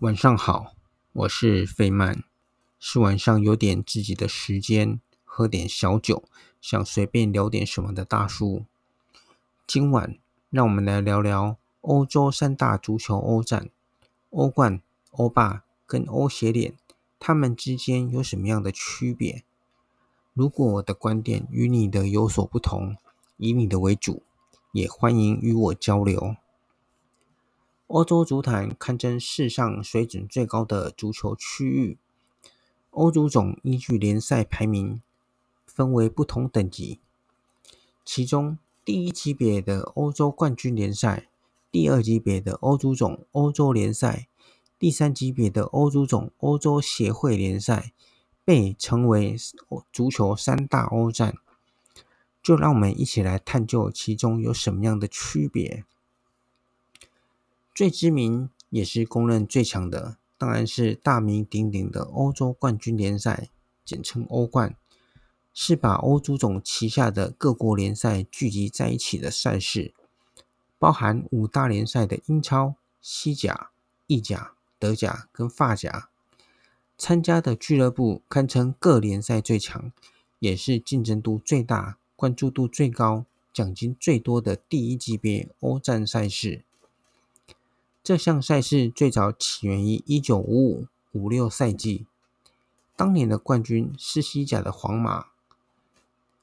晚上好，我是費曼，是晚上有點自己的時間，喝點小酒，想隨便聊點什麼的大叔。今晚讓我們來聊聊歐洲三大足球歐戰：歐冠、歐霸跟歐協聯，他們之間有什麼樣的區別？如果我的觀點與你的有所不同，以你的為主，也歡迎與我交流。歐洲足壇堪稱世上水準最高的足球區域。歐足總依據聯賽排名分為不同等級，其中第一級別的歐洲冠軍聯賽，第二級別的歐足總歐洲聯賽，第三級別的歐足總歐洲協會聯賽，被稱為足球三大歐戰。就讓我們一起來探究其中有什麼樣的區別。最知名也是公認最強的，當然是大名鼎鼎的歐洲冠軍聯賽，簡稱歐冠，是把歐足總旗下的各國聯賽聚集在一起的賽事，包含五大聯賽的英超、西甲、意甲、德甲跟法甲。參加的俱樂部堪稱各聯賽最強，也是競爭度最大、關注度最高、獎金最多的第一級別歐戰賽事。這項賽事最早起源於一九五五五六賽季，當年的冠軍是西甲的皇馬，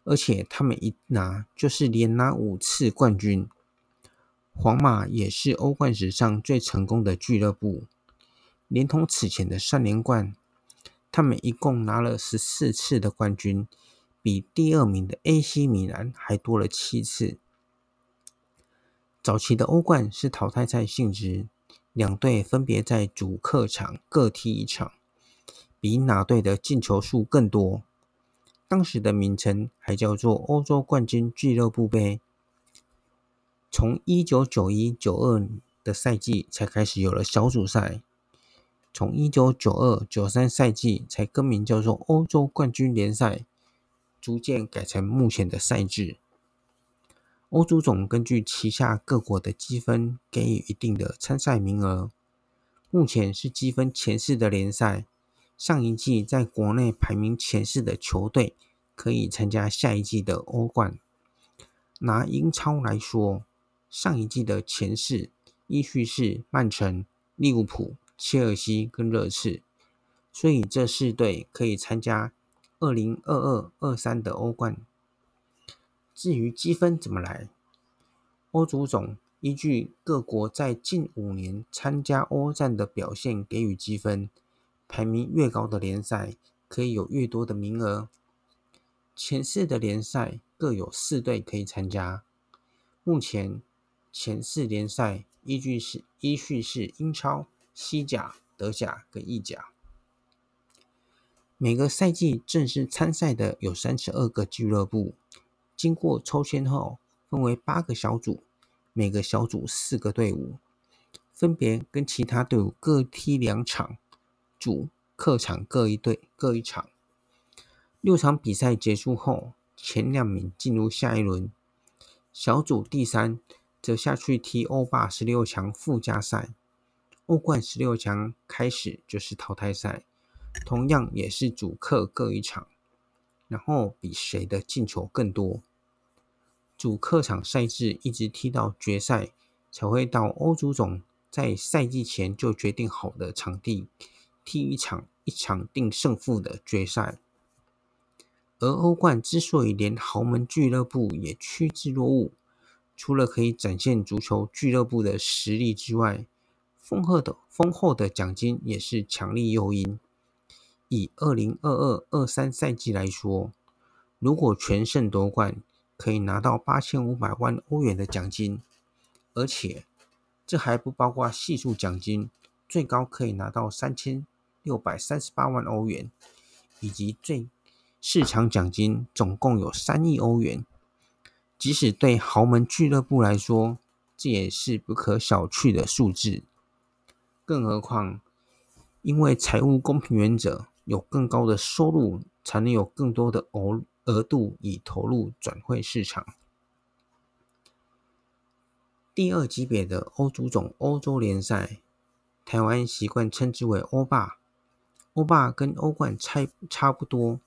而且他們一拿就是連拿五次冠軍。皇馬也是歐冠史上最成功的俱樂部，連同此前的三連冠，他們一共拿了十四次的冠軍，比第二名的 AC 米蘭還多了七次。早期的歐冠是淘汰賽性質，兩隊分別在主客場各踢一場，比哪隊的進球數更多。當時的名稱還叫做歐洲冠軍俱樂部杯。從一九九一九二的賽季才開始有了小組賽，從一九九二九三賽季才更名叫做歐洲冠軍聯賽，逐漸改成目前的賽制。歐足總根據旗下各國的積分給予一定的參賽名額。目前是積分前四的聯賽，上一季在國內排名前四的球隊可以參加下一季的歐冠。拿英超來說，上一季的前四依序是曼城、利物浦、切爾西跟熱刺，所以這四隊可以參加二零二二二三的歐冠。至於積分怎麼來？歐足總依據各國在近五年參加歐戰的表現給予積分，排名越高的聯賽可以有越多的名額。前四的聯賽各有四隊可以參加。目前前四聯賽依據是依序是英超、西甲、德甲跟意甲。每個賽季正式參賽的有三十二個俱樂部。經過抽籤後，分為八個小組，每個小組四個隊伍，分別跟其他隊伍各踢兩場，主客場各一隊各一場。六場比賽結束後，前兩名進入下一輪，小組第三則下去踢歐霸十六強附加賽。歐冠十六強開始就是淘汰賽，同樣也是主客各一場，然後比誰的進球更多。主客場賽制一直踢到決賽，才會到歐足總在賽季前就決定好的場地踢一場，一場定勝負的決賽。而歐冠之所以連豪門俱樂部也趨之若鶩，除了可以展現足球俱樂部的實力之外，豐厚的豐厚的獎金也是強力誘因。以二零二二二三賽季來說，如果全勝奪冠。可以拿到八千五百萬歐元的獎金，而且這還不包括係數獎金，最高可以拿到三千六百三十八萬歐元，以及最市場獎金總共有三億歐元。即使對豪門俱樂部來說，這也是不可小覷的數字。更何況，因為財務公平原則，有更高的收入才能有更多的歐。額度已投入轉會市場。第二級別的歐足總歐洲聯賽，台灣習慣稱之為歐霸。歐霸跟歐冠差差不多，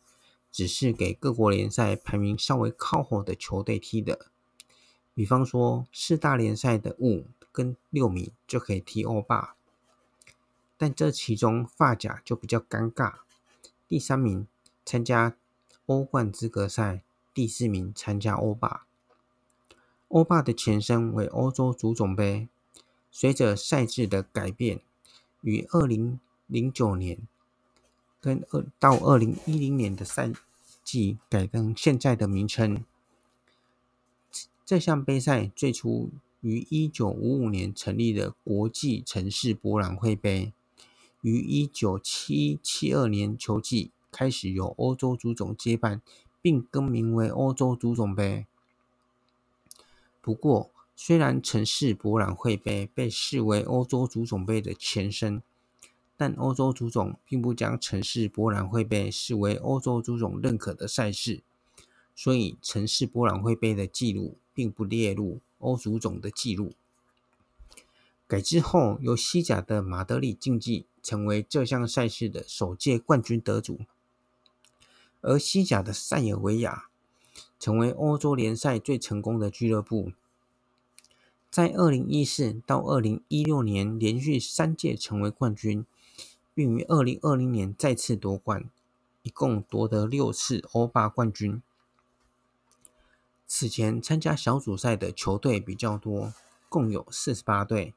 只是給各國聯賽排名稍微靠後的球隊踢的。比方說，四大聯賽的五跟六名就可以踢歐霸，但這其中法甲就比較尷尬。第三名參加。歐冠資格賽第四名參加歐霸。歐霸的前身為歐洲足總盃，隨着賽制的改變，於二零零九年跟二到二零一零年的賽季改更現在的名稱。這項盃賽最初於一九五五年成立的國際城市博覽會盃，於一九七一七二年球季。開始由歐洲足總接辦，並更名為歐洲足總杯。不過，雖然城市博覽會杯被視為歐洲足總杯的前身，但歐洲足總並不將城市博覽會杯視為歐洲足總認可的賽事，所以城市博覽會杯的記錄並不列入歐足總的記錄。改制後，由西甲的馬德里競技成為這項賽事的首屆冠軍得主。而西甲的塞爾維亞成為歐洲聯賽最成功的俱樂部，在二零一四到二零一六年連續三屆成為冠軍，並於二零二零年再次奪冠，一共奪得六次歐霸冠軍。此前參加小組賽的球隊比較多，共有四十八隊，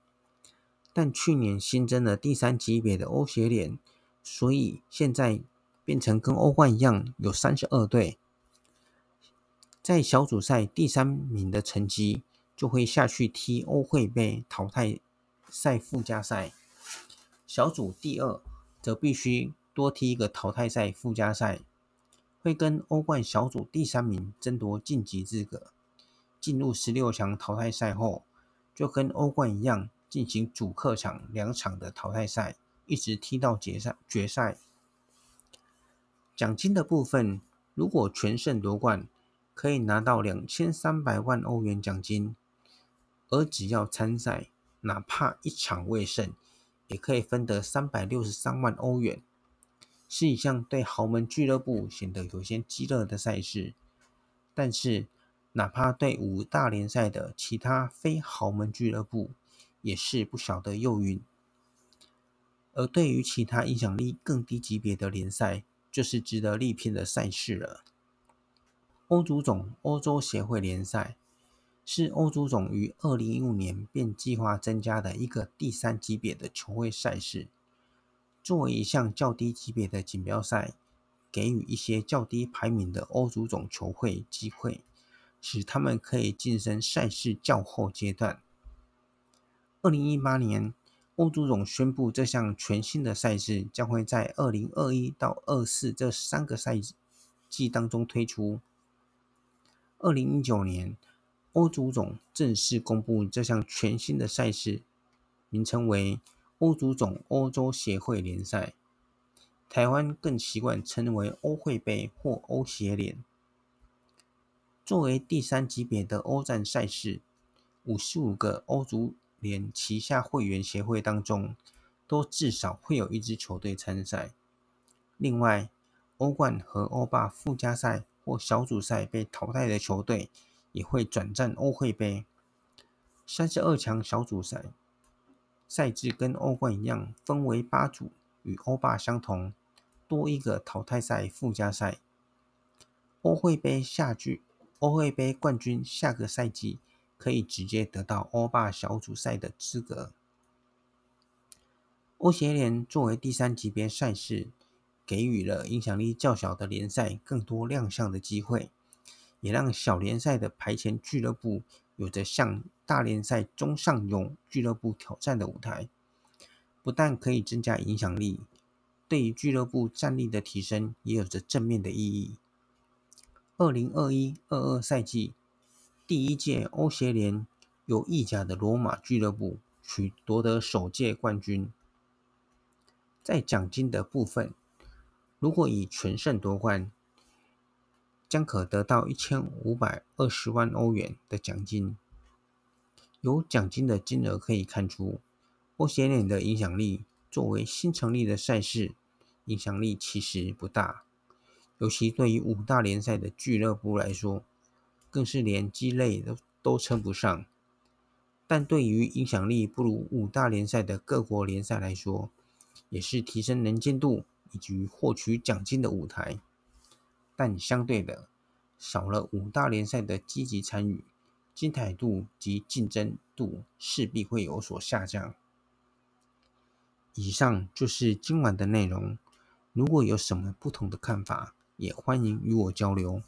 但去年新增了第三級別的歐協聯，所以現在。變成跟歐冠一樣，有三十二隊，在小組賽第三名的成績就會下去踢歐會杯淘汰賽附加賽，小組第二則必須多踢一個淘汰賽附加賽，會跟歐冠小組第三名爭奪晉級資格。進入十六強淘汰賽後，就跟歐冠一樣進行主客場兩場的淘汰賽，一直踢到決賽。決賽。獎金的部分，如果全勝奪冠，可以拿到兩千三百萬歐元獎金；而只要參賽，哪怕一場未勝，也可以分得三百六十三萬歐元。是一項對豪門俱樂部顯得有些激熱的賽事，但是，哪怕對五大聯賽的其他非豪門俱樂部，也是不小的誘因。而對於其他影響力更低級別的聯賽，就是值得力拼的賽事了。歐足總歐洲協會聯賽是歐足總於二零一五年便計劃增加的一個第三級別的球會賽事。作為一項較低級別的錦標賽，給予一些較低排名的歐足總球會機會，使他們可以晉升賽事較後階段。二零一八年。歐足總宣布，這項全新的賽事將會在二零二一到二四這三個賽季當中推出。二零一九年，歐足總正式公布這項全新的賽事，名稱為歐足總歐洲協會聯賽，台灣更習慣稱為歐會盃或歐協聯。作為第三級別的歐戰賽事，五十五個歐足。連旗下會員協會當中，都至少會有一支球隊參賽。另外，歐冠和歐霸附加賽或小組賽被淘汰的球隊，也會轉戰歐會杯。三十二強小組賽賽制跟歐冠一樣，分為八組，與歐霸相同，多一個淘汰賽附加賽。歐會杯下季，歐會杯冠軍下個賽季。可以直接得到歐霸小組賽的資格。歐協聯作為第三級別賽事，給予了影響力較小的聯賽更多亮相的機會，也讓小聯賽的排前俱樂部有着向大聯賽中上游俱樂部挑戰的舞台。不但可以增加影響力，對於俱樂部戰力的提升也有着正面的意義。二零二一二二賽季。第一屆歐協聯有意甲的羅馬俱樂部取奪得首屆冠軍。在獎金的部分，如果以全勝奪冠，將可得到一千五百二十萬歐元的獎金。由獎金的金額可以看出，歐協聯的影響力作為新成立的賽事，影響力其實不大，尤其對於五大聯賽的俱樂部來說。更是連雞肋都都稱不上，但對於影響力不如五大聯賽的各國聯賽來說，也是提升能見度以及獲取獎金的舞台。但相對的，少了五大聯賽的積極參與，精彩度及競爭度勢必會有所下降。以上就是今晚的內容，如果有什麼不同的看法，也歡迎與我交流。